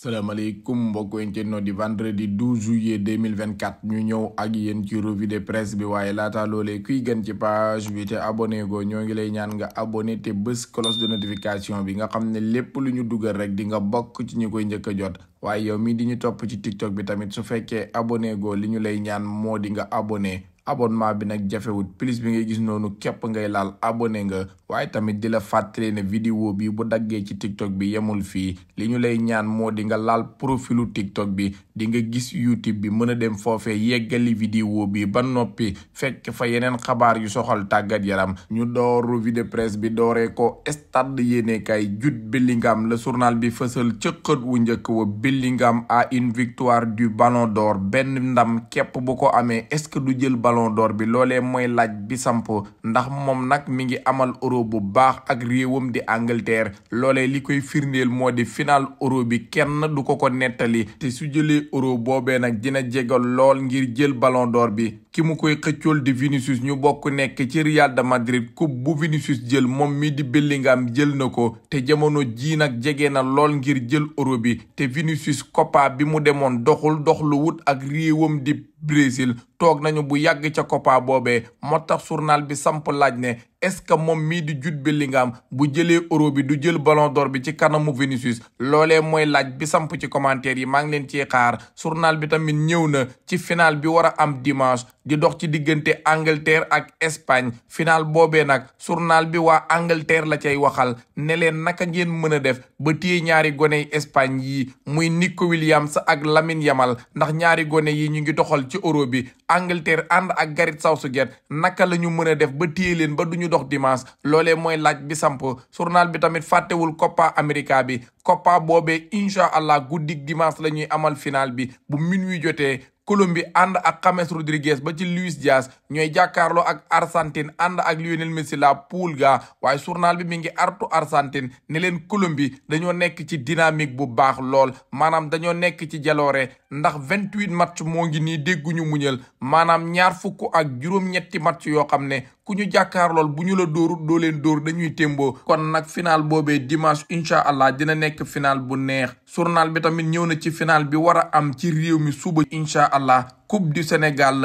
salaamaaleykum mbokk internet di vendredi 12 juillet 2024 ñu ñëw ak yéen ci revue de bi waaye laata loolee kuy gën ci page bi te abonné go ñoo ngi lay ñaan nga abonné te bés cloche de notification bi nga xam ne lépp lu ñu dugal rek di nga bokk ci ñu koy njëkk a jot waaye yow mii di ñu topp ci tiktok bi tamit su fekkee abonné go li ñu lay ñaan moo di nga abonné abonnement bi nag jafewut plus bi ngay gis noonu képp ngay laal abonné nga waaye tamit di la fàttali ne vidéo bi bu daggee ci tiktok bi yemul fii li ñu lay ñaan moo di nga laal profilu tiktok bi di nga gis YouTube bi mën a dem foofe yeggali vidéo bi ba noppi fekk fa yeneen xabaar yu soxal tàggat yaram ñu door revue de presse bi dooree ko stade yéenekaay Jude Bellingham la journal bi fësal ca wu njëkk wo Bellingham à une victoire du Ballon door benn ndam képp bu ko amee est-ce que du jël Ballon door bi loolee mooy laaj bi samp ndax moom nag mi ngi amal euro bu baax ak réewam di Angleterre loole li koy firndeel moo di final euro bi kenn du ko ko nettali euro boobee nag dina jegal lool ngir jël ballon d'or bi ki mu koy xëccool di Vinicius ñu bokk nekk ci Real de Madrid coupe bu Vinicius jël moom mi di Bellingham jël na ko te jamono jii nag jege na lool ngir jël euro bi te Vinicius Copa bi mu demoon doxul dox lu wut ak réewam di Brésil toog nañu bu yàgg ca Copa boobee moo tax journal bi samp laaj ne est-ce que moom mii di Jude Bellingham bu jëlee euro bi du jël ballon d'or bi ci kanamu Vinicius loole mooy laaj bi samp ci commentaire yi maa ngi leen ciy xaar journal bi tamit ñëw na ci final bi war a am dimanche di dox ci diggante Angleterre ak Espagne final boobee nag journal bi waa Angleterre la cay waxal ne leen naka ngeen mën a def ba téye ñaari gone Espagne yi muy Nico Williams ak Lamine Yamal ndax ñaari gone yi ñu ngi doxal ci europe bi Angleterre ànd ak Gareth Southgate naka la ñu mën a def ba téye leen ba du ñu dox dimanche loole mooy laaj bi samp journal bi tamit fàttewul Copa America bi Copa boobe incha allah guddi dimanche la ñuy amal final bi bu minuit jotee Colombie ànd ak James Rodriguez ba ci Luis Diaz ñooy jàkkaarloo ak Argentine ànd ak Lionel Messi la poule ga waaye surnal bi mi ngi artu Argentine ne leen Colombie dañoo nekk ci dynamique bu baax lool maanaam dañoo nekk ci jaloore ndax vingt huit match moo ngi nii dégguñu muñal maanaam ñaar fukk ak juróom-ñetti match yoo xam ne ku ñu jàkkaarlool bu ñu la dóoru doo leen dóor dañuy témboo kon nag final boobe dimanche incha allah dina nekk final bu neex journal bi tamit ñëw na ci final bi war a am ci réew mi suba incha allah coupe du Sénégal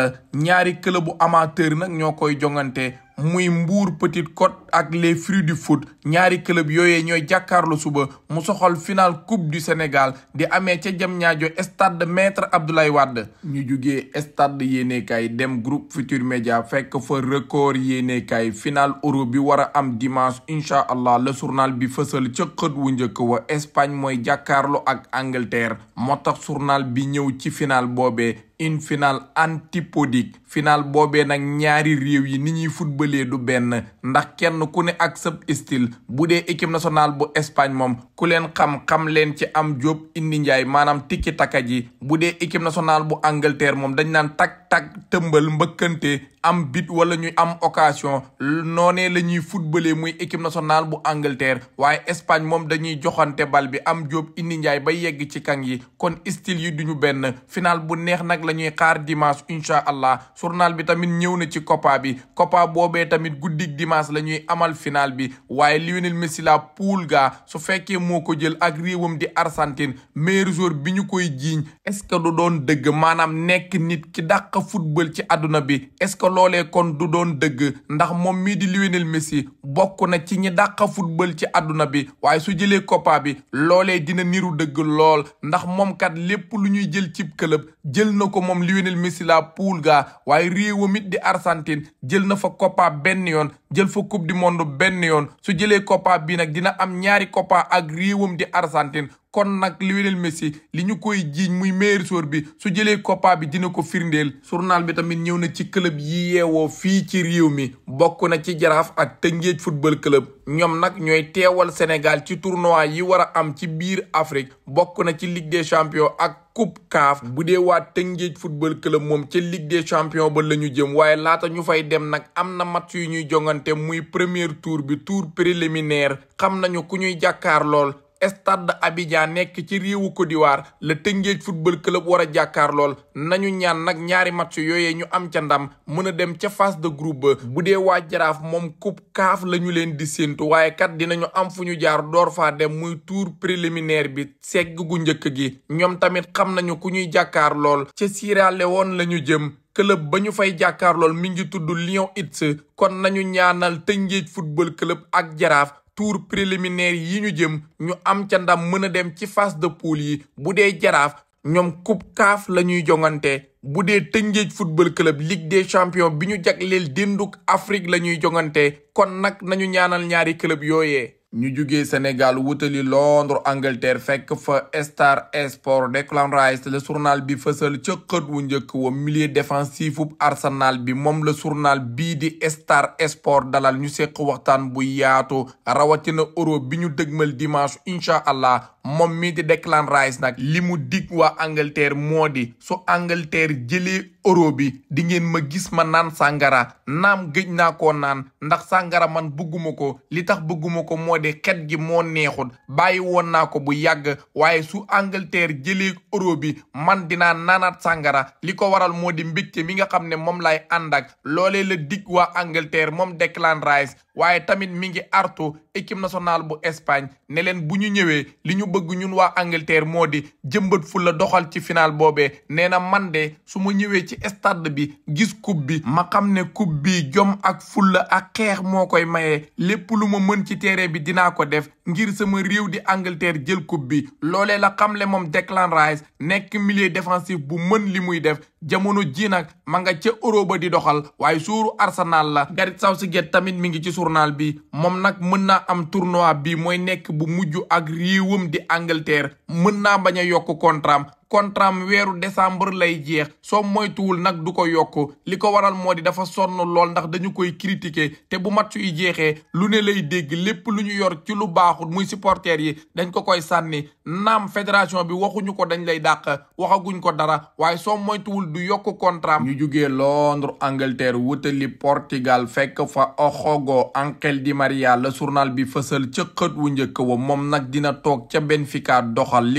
ñaari club bu amateur nag ñoo koy jongante muy Mbour Petite Côte ak les fruits du foot ñaari club yooyee ñooy jàkkaarloo suba mu soxal final coupe du Sénégal di amee ca Diamniadio stade maître Abdoulaye Wade. ñu jugee stade yéenekaay dem groupe Futur Média fekk fa record yéenekaay final euro bi war a am dimanche incha allah le journal bi fësal ca xët wu njëkk wa Espagne mooy jàkkaarloo ak Angleterre moo tax surnal bi ñëw ci final boobee. une final antipodique final boobee nag ñaari réew yi ni ñuy footballee du benn ndax kenn ku ne ak sab style bu dee équipe nationale bu Espagne moom ku leen xam-xam leen ci am Jóob indi njaay maanaam tikki taka ji bu dee équipe nationale bu Angleterre moom dañ naan tak tak tëmbal mbëkkante am bit wala ñuy am occasion noonee la ñuy footballé muy équipe nationale bu Angleterre waaye Espagne moom dañuy joxante bal bi am Diop indi Ndiaye ba yegg ci kang yi kon style yi duñu benn final bu neex nag la ñuy xaar dimanche incha allah journal bi tamit ñëw na ci Copa bi Copa boobee tamit guddig dimanche la ñuy amal final bi waaye Lionel Messi la poule su fekkee moo ko jël ak réewam di arsantine meilleur joueur bi ñu koy jiiñ est-ce que du doon dëgg maanaam nekk nit ki dàq football ci àdduna bi loolee kon du doon dëgg ndax moom mii di Lionel Messi bokk na ci ñi dàqa football ci àdduna bi waaye su jëlee Copa bi loolee dina niru dëgg lool ndax moom kat lépp lu ñuy jël cib club jël na ko moom Lionel Messi la ga waaye réewam di Argentine jël na fa Copa benn yoon jël fa coupe du monde benn yoon su jëlee Copa bi nag dina am ñaari Copa ak réewam di Argentine kon nag Lionel Messi li ñu koy jiiñ muy meilleur joueur bi su jëlee Copa bi dina ko firndeel journal bi tamit ñëw na ci club yi yeewoo fii ci réew mi bokk na ci jaraaf ak Tëngéej football club ñoom nag ñooy teewal Sénégal ci tournoi yi war a am ci biir Afrique bokk na ci Ligue des champions ak coupe CAF bu dee waa Tëngéej football club moom ci Ligue des champions ba la ñu jëm waaye laata ñu fay dem nag am na mat yu ñuy jongante muy premier tour bi tour préliminaire xam nañu ku ñuy jàkkaar lool stade Abidjan nekk ci réewu Côte d'Ivoire la Tëngéej football club war a jàkkaar lool nañu ñaan nag ñaari match yooyee ñu am ca ndam mën a dem ca phase de groupe ba bu dee waa jaraaf moom coupe kaaf la ñu leen di séntu waaye kat dinañu am fu ñu jaar door fa dem muy tour préliminaire bi segg gu njëkk gi ñoom tamit xam nañu ku ñuy jàkkaar lool ca Sierra Leone la ñu jëm club ba ñu fay jàkkaarlool mu nji tudd Lion It's kon nañu ñaanal Tëngéej football club ak jaraaf tour préliminaire yi ñu jëm ñu am ca ndam mën a dem ci phase de poule yi bu dee jaraaf ñoom coupe CAF la ñuy jongante bu dee Tëngéej football club ligue de champion bi ñu jagleel dénduk Afrique la ñuy jongante kon nag nañu ñaanal ñaari club yooyee ñu jugee Sénégal wutali Londres Angleterre fekk fa Star Sport Declan Rice le journal bi fësal ca xët wu njëkk wa milieu défensif bu Arsenal bi moom la journal bii di Star Sport dalal ñu seq waxtaan bu yaatu rawatina euro bi ñu dëgmal dimanche incha allah moom mii di Declan Rice nag li mu dig waa Angleterre moo di su Angleterre jëlee euro bi di ngeen ma gis ma naan sàngara naam gëj naa ko naan ndax sàngara man bëgguma ko li tax bëgguma ko moo de xet gi moo neexul bàyyi woon naa ko bu yàgg waaye su Angleterre jëlee euro bi man dinaa naanaat sàngara li ko waral moo di mbégte mi nga xam ne moom lay ànd ak loolee la dig waa Angleterre moom Declan Rice waaye tamit mi ngi artu équipe nationale bu Espagne ne leen bu ñu ñëwee li ñu bëgg ñun waa Angleterre moo di jëmbat fu la doxal ci final boobee nee na man de su ma ñëwee ci stade bi gis coupe bi ma xam ne coupe bi jom ak fulla ak xeex moo koy maye lépp lu ma mën ci tere bi dinaa ko def ngir sama réew di Angleterre jël coupe bi loolee la xamle moom Declan Rice nekk milieu défensif bu mën li muy def jamono ji nag ma nga ca Europe di doxal waaye suuru Arsenal la saw Gareth get tamit mu ngi ci journal bi moom nag mën naa am tournoi bi mooy nekk bu mujj ak réewam di Angleterre mën naa bañ a yokk contraam contrat am weeru décembre lay jeex soo moytuwul nag du ko yokk li ko waral moo di dafa sonn lool ndax dañu koy critiquer te bu match yi jeexee lu ne lay dégg lépp lu ñu yor ci lu baaxul muy supporters yi dañ ko koy sànni naam fédération bi waxuñu ko dañ lay dàq waxaguñ ko dara waaye soo moytuwul du yokk contrat ñu jugee Londres Angleterre wutali Portugal fekk fa Oxogo Ángel Di Maria la journal bi fësal ca wu njëkk wa moom nag dina toog ca Benfica doxal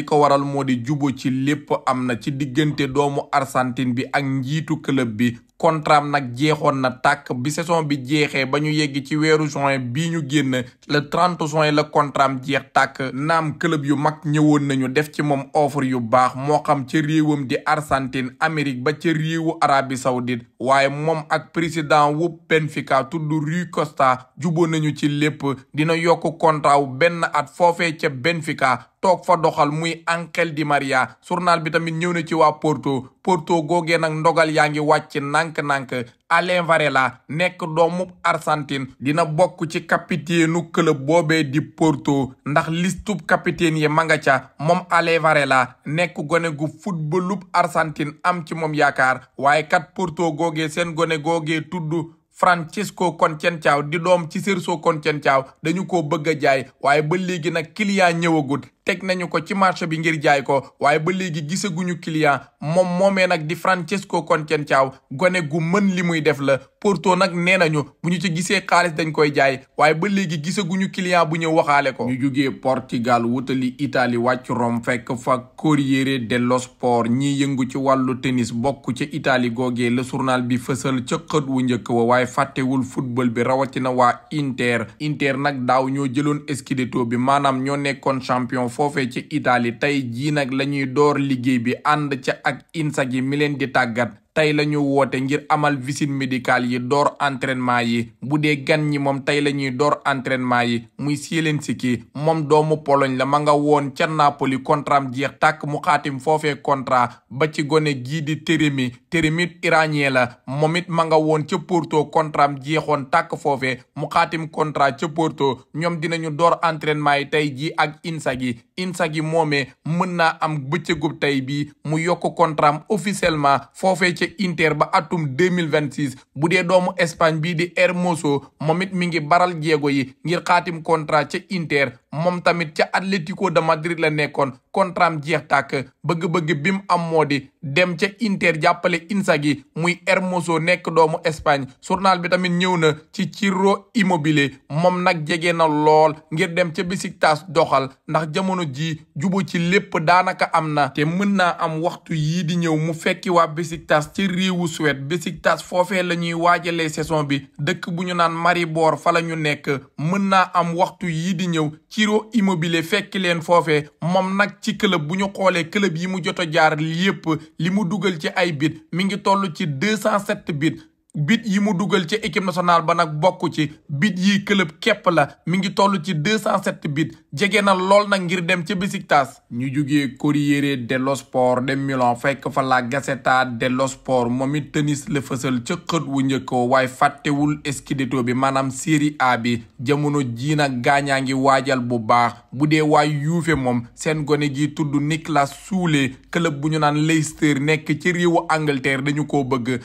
lépp am na ci diggante doomu Argentine bi ak njiitu club bi contrat nag jeexoon na tàkk bi saison bi jeexee ba ñu yegg ci weeru juin bii ñu génn le trente juin la contrat jeex tàkk naam club yu mag ñëwoon nañu def ci moom offre yu baax moo xam ca réewam di Argentine Amérique ba ca réewu Arabie Saoudite waaye moom ak président wu Benfica tudd Rui Costa juboo nañu ci lépp dina yokk contrat benn at foofee ca Benfica toog fa doxal muy Ángel Di maria journal bi tamit ñëw na ci waa Porto Porto googee nag ndogal yaa ngi wàcc nànk-nànk Alain Varela nekk doomu Argentine dina bokk ci kapiteenu club boobee di Porto ndax listub capitaine yi ma nga ca moom Alain nekk gone gu footballub Argentine am ci moom yaakaar waaye kat Porto googee seen gone googee tudd Francisco caaw di doom ci Sérgio caaw dañu ko bëgg a jaay waaye ba léegi nag client ñëwagut teg nañu ko ci marché bi ngir jaay ko waaye ba léegi gisaguñu client moom moomee nag di Francesco Conceição gone gu mën li muy def la Porto nag nee nañu bu ñu ci gisee xaalis dañ koy jaay waaye ba léegi gisaguñu client bu ñëw waxaale ko. ñu jugee Portugal wutali Italie wàcc Rome fekk fa Corriere dello Sport ñiy yëngu ci wàllu tennis bokk ca itali googee le journal bi fësal ca xët wu njëkk wa waaye fàttewul football bi rawatina waa Inter Inter nag daaw ñoo jëloon scudetto bi maanaam ñoo nekkoon champion. foofee ci Italie tey jii nag la ñuy door liggéey bi ànd ca ak INSA gi mi leen di tàggat tey la ñu woote ngir amal visite médicale yi door entrainement yi bu dee gan ñi moom tey la ñuy door entraînement yi muy Zielinski moom doomu Pologne la manga nga woon ca Napoli contrat jeex tàkk mu xaatim foofee contrat ba ci gone gii di Teremi Teremi iranien la moom it ma nga woon ca Porto contrat jeexoon tàkk foofee mu xaatim contrat ca Porto ñoom dinañu door entraînement yi tey jii ak Inzaghi Inzaghi moomee mën naa am bëccëgub tey bi mu yokk contrat officiellement foofee ca Inter ba atum 2026 bu dee doomu Espagne bii di Hermoso moom it mi ngi baral jéego yi ngir xaatim contrat ca Inter moom tamit ca Atlético de Madrid la nekkoon kontraam jeex tàkk bëgg-bëgg bi mu am moo di dem ca Inter jàppale Inzaghi muy Hermoso nekk doomu Espagne journal bi tamit ñëw na ci Ciro Immobile moom nag jege na lool ngir dem ca Besiktas doxal ndax jamono ji jubo ci lépp daanaka am na te mën naa am waxtu yii di ñëw mu fekki waa Besiktas ci réewu Suède Besiktas foofee la ñuy waajalee saison bi dëkk bu ñu naan Maribor fa la ñu nekk mën naa am waxtu yii di ñëw Giro Immobile fekk leen foofe moom nag ci club bu ñu xoolee club yi mu jot a jaar yépp li mu dugal ci ay bit mi ngi toll ci deux cent sept bit bit yi mu dugal ca équipe nationale ba nag bokk ci bit yi club képp la mi ngi toll ci deux cent sept bit jege na lool nag ngir dem ca Besiktas ñu jógee Corriere dello Sport dem Milan fekk fa la Gazzetta dello Sport moom it tennis la fësal ca xët wu njëkkoo waaye fàttewul scudetto bi maanaam Serie A bi jamono jii gaañaa ngi waajal bu baax bu dee waay yuufe moom seen gone gi tudd Nicolas suulee club bu ñu naan Leicester nekk ci réewu Angleterre dañu ko bëgg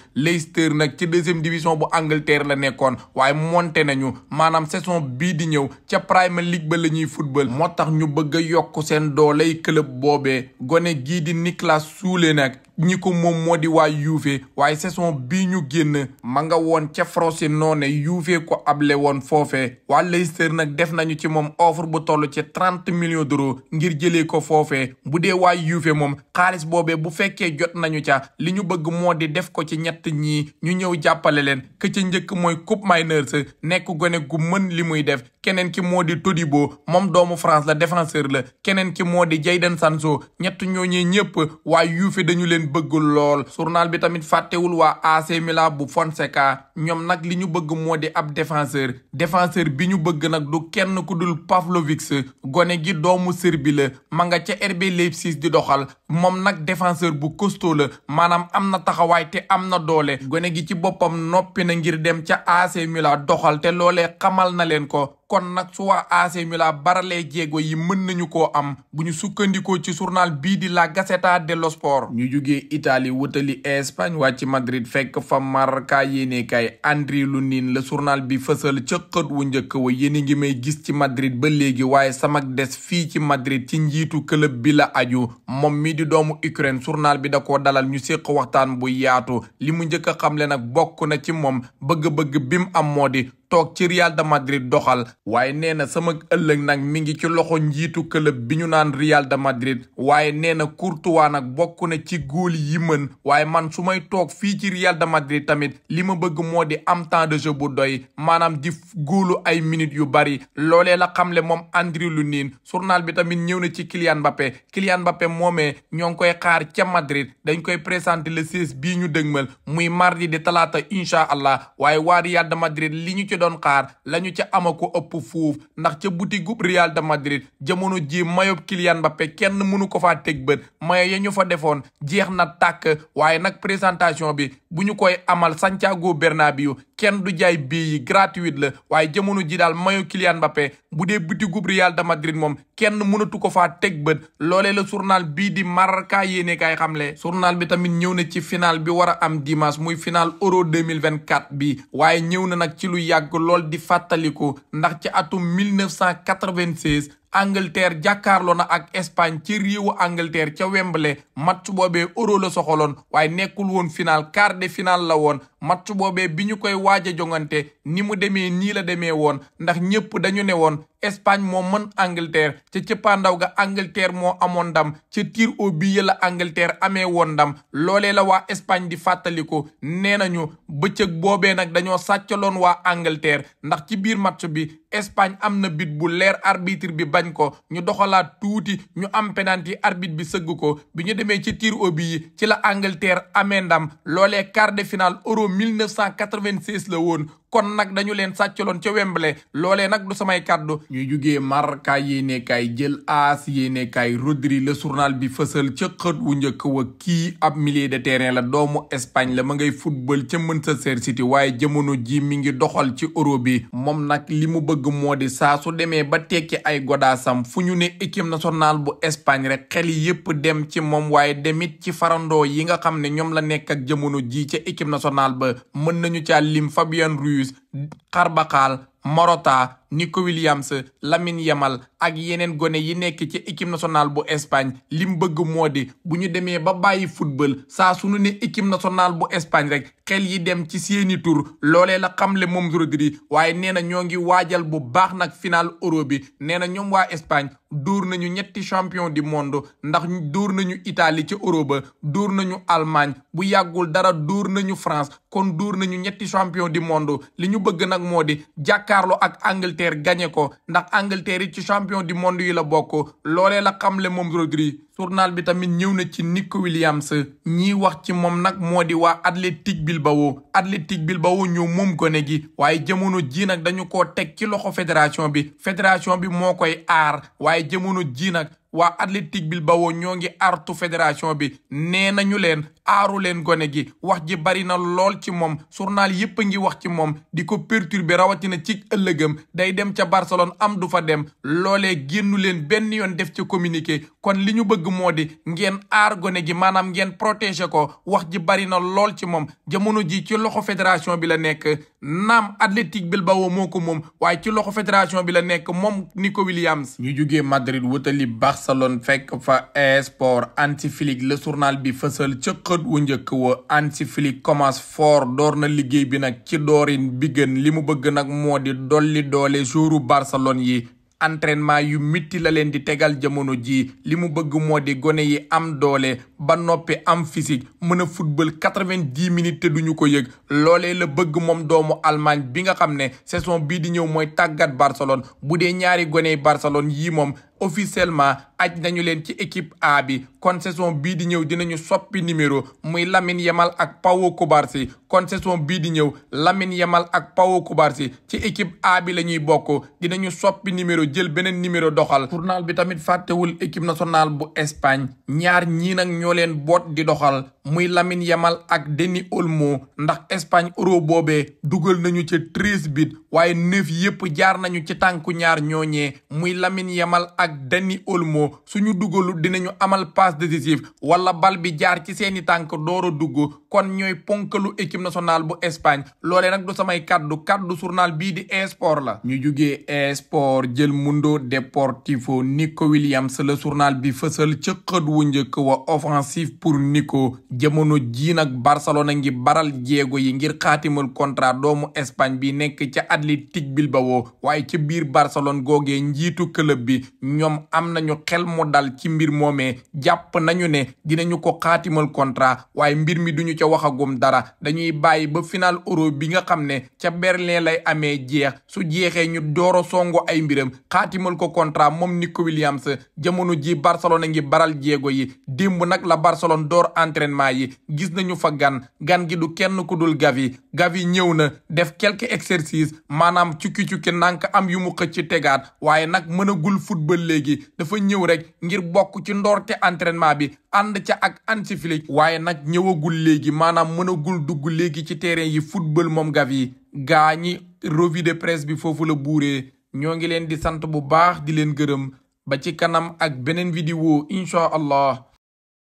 deuxième division bu Angleterre la nekkoon waaye monté nañu maanaam saison bii di ñëw ca Premier League ba la ñuy football moo tax ñu bëgg a yokk seen dooley club boobee gone gii di Niklas Sule nag ñi ko moom moo di waa Juve waaye saison bii ñu génn ma nga woon ca France noone Juve ko able woon foofe waa Leicester nag def nañu ci moom offre bu toll ci trente million d'euros ngir jëlee ko foofe bu dee waa Juve moom xaalis boobee bu fekkee jot nañu ca li ñu bëgg moo di def ko ci ñett ñii ñu ñëw jàppale leen ke ca njëkk mooy Koopmeiners nekk gone gu mën li muy def keneen ki moo di Todibo moom doomu France la défenseur la keneen ki moo di jay Jayden Sancho ñett ñooñee ñëpp waa yuufi dañu leen bëggul lool journal bi tamit fàttewul waa AC bu Fonseca ñoom nag li ñu bëgg moo di ab défenseur défenseur bi ñu bëgg nag du kenn ku dul Pavlovic gone gi doomu Serbi la ma nga ca RB Leipzig di doxal moom nag défenseur bu costaud la maanaam am na taxawaay te am na doole gone gi ci boppam noppi na ngir dem ca AC doxal te loolee xamal na leen ko kon nag su waa AC Milan baralee jéego yi mën nañu koo am bu ñu sukkandikoo ci surnal bii di la gaseta dello Sport. ñu jugee itali wutali Espagne wàcc Madrid fekk fa Marca yéene kay lu Lunin la journal bi fësal ca wu njëkk wa yéen a ngi may gis ci Madrid ba léegi waaye samak des fii ci Madrid ci njiitu club bi la aju moom mi di doomu Ukraine surnal bi da koo dalal ñu séq waxtaan bu yaatu li mu njëkk a xamle nag bokk na ci moom bëgg-bëgg bim am moo di toog ci Real de Madrid doxal waaye nee na sama ëllëg nag mi ngi ci loxo njiitu club bi ñu naan Real de Madrid waaye nee na Courtois nag bokk na ci guul yi mën waaye man su may toog fii ci Real de Madrid tamit li ma bëgg moo di am temps de jeu bu doy maanaam di góolu ay minutes yu bari loolee la xamle moom Andriy Lunin journal bi tamit ñëw na ci Kylian Mbappé Kylian Mbappé moome ñoo ngi koy xaar ca Madrid dañ koy présenté le 16 bii ñu dëgmal muy mardi di talaata incha allah doon xaar lañu ca ama ko ëpp fuuf ndax ca boutique gu Real de Madrid jamono ji mayob Kylian bappe kenn mënu ko faa teg bët mayo ya ñu fa defoon jeex na tàkk waaye nag présentation bi bu ñu koy amal Santiago Bernabéu kenn du jaay bii yi gratuite la waaye jamono ji daal mayo Kylian Mbappé bu dee boutique gu Real de moom kenn mënatu ko faa teg bët loolee la journal bii di Marca yéene kay xamle journal bi tamit ñëw na ci final bi war a am dimanche muy final Euro 2024 bi waaye ñëw na nag ci lu yàgg yàgg lool di fàttaliku ndax ci atum 1996 Angleterre jàkkaarloo na ak Espagne ci réewu Angleterre ca Wembley match boobee euro la soxaloon waaye nekkul woon final quart final la woon match boobee bi ñu koy waaj a jongante ni mu demee nii la demee woon ndax ñëpp dañu ne woon Espagne moo mën Angleterre ca cëppaandaw ga Angleterre moo amoon ndam ca tir au but la Angleterre amee woon ndam loolee la waa Espagne di fàttaliku nee nañu bëccëg boobee nag dañoo sàccaloon waa Angleterre ndax ci biir match bi Espagne am na bit bu leer arbitre bi bañ ko ñu doxalaat tuuti ñu am penalty arbitre bi sëgg ko bi ñu demee ci tir au ci la Angleterre amee ndam loolee quart de finale mille neuf cent quatre-vingt-seize la woon kon nag dañu leen sàccaloon ca Wembley loolee nag du samay kàddu ñuy jugee Marca yéenekaay jël AS yéenekaay Rodri la journal bi fësal ca xët wu njëkk wa kii ab milieu de terrain la doomu Espagne la ma ngay football ca Manchester City waaye jamono ji mi ngi doxal ci euro bi moom nag li mu bëgg moo de saa su demee ba tekki ay godaasam fu ñu ne équipe nationale bu Espagne rek xel yépp dem ci moom waaye demit ci farandoo yi nga xam ne ñoom la nekk ak jamono ji ca équipe nationale ba mën nañu caa lim Fabien Ruiz Mauritius Xarbaqaal Morota Nico Williams Lamine Yamal ak yeneen gone yi nekk ci équipe nationale bu Espagne li mu bëgg moo di bu ñu demee ba bàyyi football saa sunu ñu ne équipe nationale bu Espagne rek xel yi dem ci seeni tur loolee la xamle moom Rodri waaye nee na ñoo ngi waajal bu baax nag final euro bi nee na ñoom waa Espagne dóor nañu ñetti champion du monde ndax dóor nañu itali ci euro ba dóor nañu Allemagne bu yàggul dara dóor nañu France kon dóor nañu ñetti champion du monde li ñu bëgg nag moo di jàkkaarloo ak Angleterre gagné ko ndax Angleterre yi ci champion du monde yi la bokk loolee la xamle moom Rodri journal bi tamit ñëw na ci Nico Williams ñiy wax ci moom nag moo di waa Athletic Bilbao Athletic Bilbao ñoo moom gone gi waaye jamono ji nag dañu koo teg ci loxo fédération bi fédération bi moo koy aar waaye jamono ji nag waa Athletic Bilbao ñoo ngi artu fédération bi nee nañu aaru leen gone gi wax ji bari na lool ci moom journal yépp a ngi wax ci moom di ko perturber rawatina ci ëllëgam day dem ca Barcelone am du fa dem loolee génnu leen benn yoon def ca communiqué kon li ñu bëgg moo di ngeen aar gone gi maanaam ngeen protéger ko wax ji bari na lool ci moom jamono ji ci loxo fédération bi la nekk naam Athletic Bilbao moo ko moom waaye ci loxo fédération bi la nekk moom Nico Williams. ñu jugee Madrid wutali Barcelone fekk fa esport anti le journal bi fësal ca bët wu njëkk wa Hansi Flick commence fort door na liggéey bi nag ci doorin bi gën li mu bëgg nag moo di dolli doole jouru Barcelone yi entraînement yu mitti la leen di tegal jamono ji li mu bëgg moo di gone yi am doole ba noppi am physique mën a football quatre-vingt-dix minutes te duñu ko yëg loole la bëgg moom doomu Allemagne bi nga xam ne saison bii di ñëw mooy tàggat Barcelone bu dee ñaari gone yi Barcelone yii moom officiellement aj nañu leen ci équipe A bi kon saison bii di ñëw dinañu soppi numéro muy Lamine yemal ak Pawo Kobarsi kon saison bii di ñëw Lamine yemal ak Pawo Kobarsi ci équipe A bi la ñuy bokk dinañu soppi numéro jël beneen numéro doxal journal bi tamit fàttewul équipe national bu Espagne ñaar ñii nag ñoo leen boot di doxal muy Lamine Yamal ak Dani Olmo ndax Espagne euro boobee dugal nañu ci treize bit waaye neuf yépp jaar nañu ci tànku ñaar ñooñee muy Lamine Yamal ak Dani Olmo suñu dugalu dinañu amal passe décisif wala bal bi jaar ci seeni tànk door dugg kon ñooy ponkalu équipe nationale bu Espagne loole nag du samay kaddu kàddu journal bii di esport la ñu jugee esport jël Mundo Deportivo Nico Williams le sournale bi fësal ca xët wu njëkk wa offensive pour Nico jamono jii nag Barcelona ngi baral jéego yi ngir xaatimal contrat doomu Espagne bi nekk ca Athletic Bilbao waaye ca biir Barcelone googee njiitu club bi ñoom am nañu xel mu dal ci mbir moomee jàpp nañu ne dinañu ko xaatimal contrat waaye mbir mi duñu ca waxagum dara dañuy bàyyi ba final euro bi nga xam ne ca Berlin lay amee jeex su jeexee ñu dooro songo ay mbiram xaatimal ko contrat moom Nico Williams jamono ji Barcelona ngi baral jéego yi démb nag la Barcelone événement yi gis nañu fa gan gi du kenn ku dul Gavi Gavi ñëw na def quelques exercices maanaam cukki-cukki nank am yu mu xëcc tegaat waaye nag mënagul football léegi dafa ñëw rek ngir bokk ci ndoorte entraînement bi ànd ca ak Hansi Flick waaye nag ñëwagul léegi maanaam mënagul dugg léegi ci terrain yi football moom Gavi gaa ñi revue de presse bi foofu la buuree ñoo ngi leen di sant bu baax di leen gërëm ba ci kanam ak beneen vidéo incha allah